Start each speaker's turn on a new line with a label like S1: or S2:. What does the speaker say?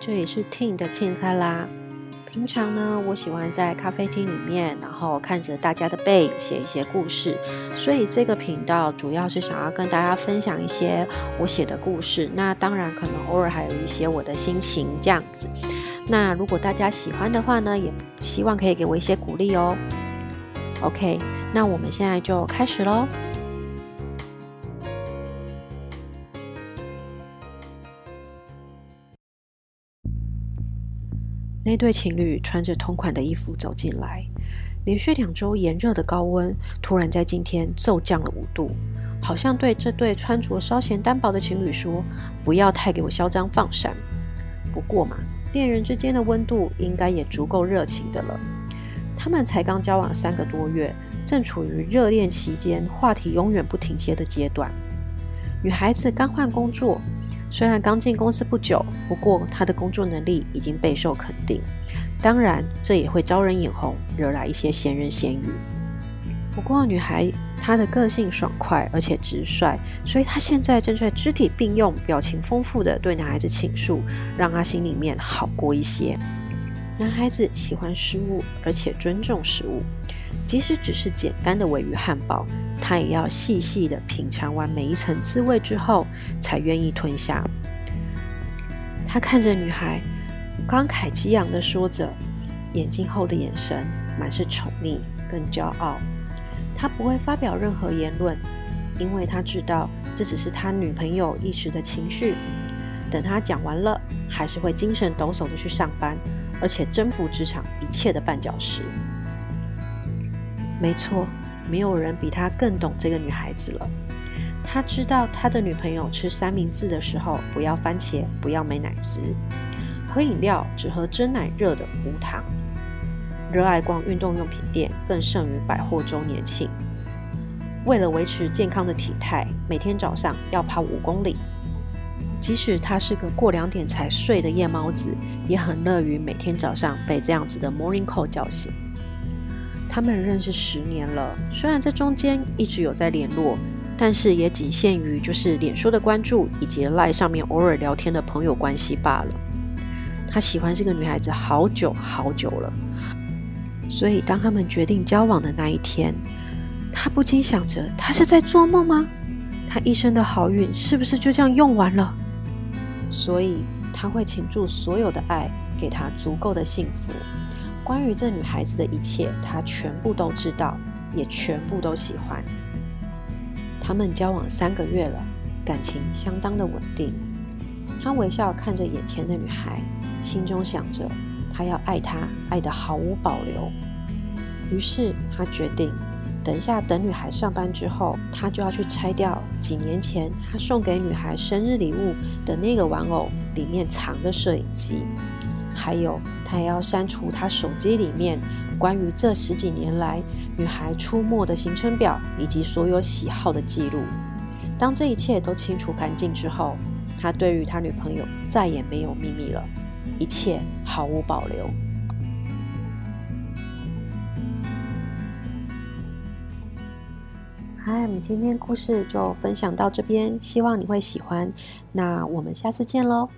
S1: 這裡是 Tin 的清菜啦。平常呢，我喜歡在咖啡廳裡面，然後看着大家的背影寫一些故事。所以這個頻道主要是想要跟大家分享一些我寫的故事。那當然，可能偶爾還有一些我的心情這樣子。那如果大家喜歡的話呢，也希望可以給我一些鼓勵哦。OK，那我們現在就開始嘍。那對情侶穿着同款的衣服走進來，連續兩周炎熱的高溫，突然在今天驟降了五度，好像對這對穿着稍顯單薄的情侶說：“不要太給我囂張放閃。”不過嘛，戀人之間的溫度應該也足夠熱情的了。他們才剛交往三個多月，正處於熱戀期間，話題永遠不停歇的階段。女孩子剛換工作。雖然剛進公司不久，不過他的工作能力已經備受肯定。當然，這也會招人眼紅，惹來一些閒人閒語。不過，女孩她的個性爽快而且直率，所以她現在正在肢體並用、表情豐富的對男孩子傾訴，讓她心裡面好過一些。男孩子喜歡食物，而且尊重食物。即使只是簡單的鮪魚漢堡，他也要細細的品嘗完每一層滋味之後，才願意吞下。他看着女孩，慷慨激昂的說着，眼鏡後的眼神滿是寵溺跟驕傲。他不會發表任何言論，因為他知道這只是他女朋友一時的情緒。等他講完了，還是會精神抖擻的去上班，而且征服職場一切的絆腳石。沒錯，沒有人比他更懂這個女孩子了。他知道他的女朋友吃三明治的時候不要番茄，不要美乃滋；喝飲料只喝珍奶熱的無糖。熱愛逛運動用品店更勝於百貨周年慶。為了維持健康的體態，每天早上要跑五公里。即使他是個過兩點才睡的夜貓子，也很樂於每天早上被這樣子的 morning call 叫醒。他們認識十年了，雖然這中間一直有在聯絡，但是也僅限於就是臉書的關注以及賴上面偶爾聊天的朋友關係罷了。他喜歡這個女孩子好久好久了，所以當他們決定交往的那一天，他不禁想着：他是在做夢嗎？他一生的好運是不是就這樣用完了？所以他會傾注所有的愛給他足夠的幸福。關於這女孩子的一切，他全部都知道，也全部都喜歡。他們交往三個月了，感情相當的穩定。他微笑看着眼前的女孩，心中想着他要愛她，愛得毫無保留。於是他決定，等一下等女孩上班之後，他就要去拆掉幾年前他送給女孩生日禮物的那個玩偶裡面藏的攝影機。還有，他也要刪除他手機裡面關於這十幾年來女孩出沒的行程表以及所有喜好的記錄。當這一切都清除乾淨之後，他對於他女朋友再也沒有祕密了，一切毫無保留。好，我們今天的故事就分享到這邊，希望你會喜歡。那我們下次見嘍。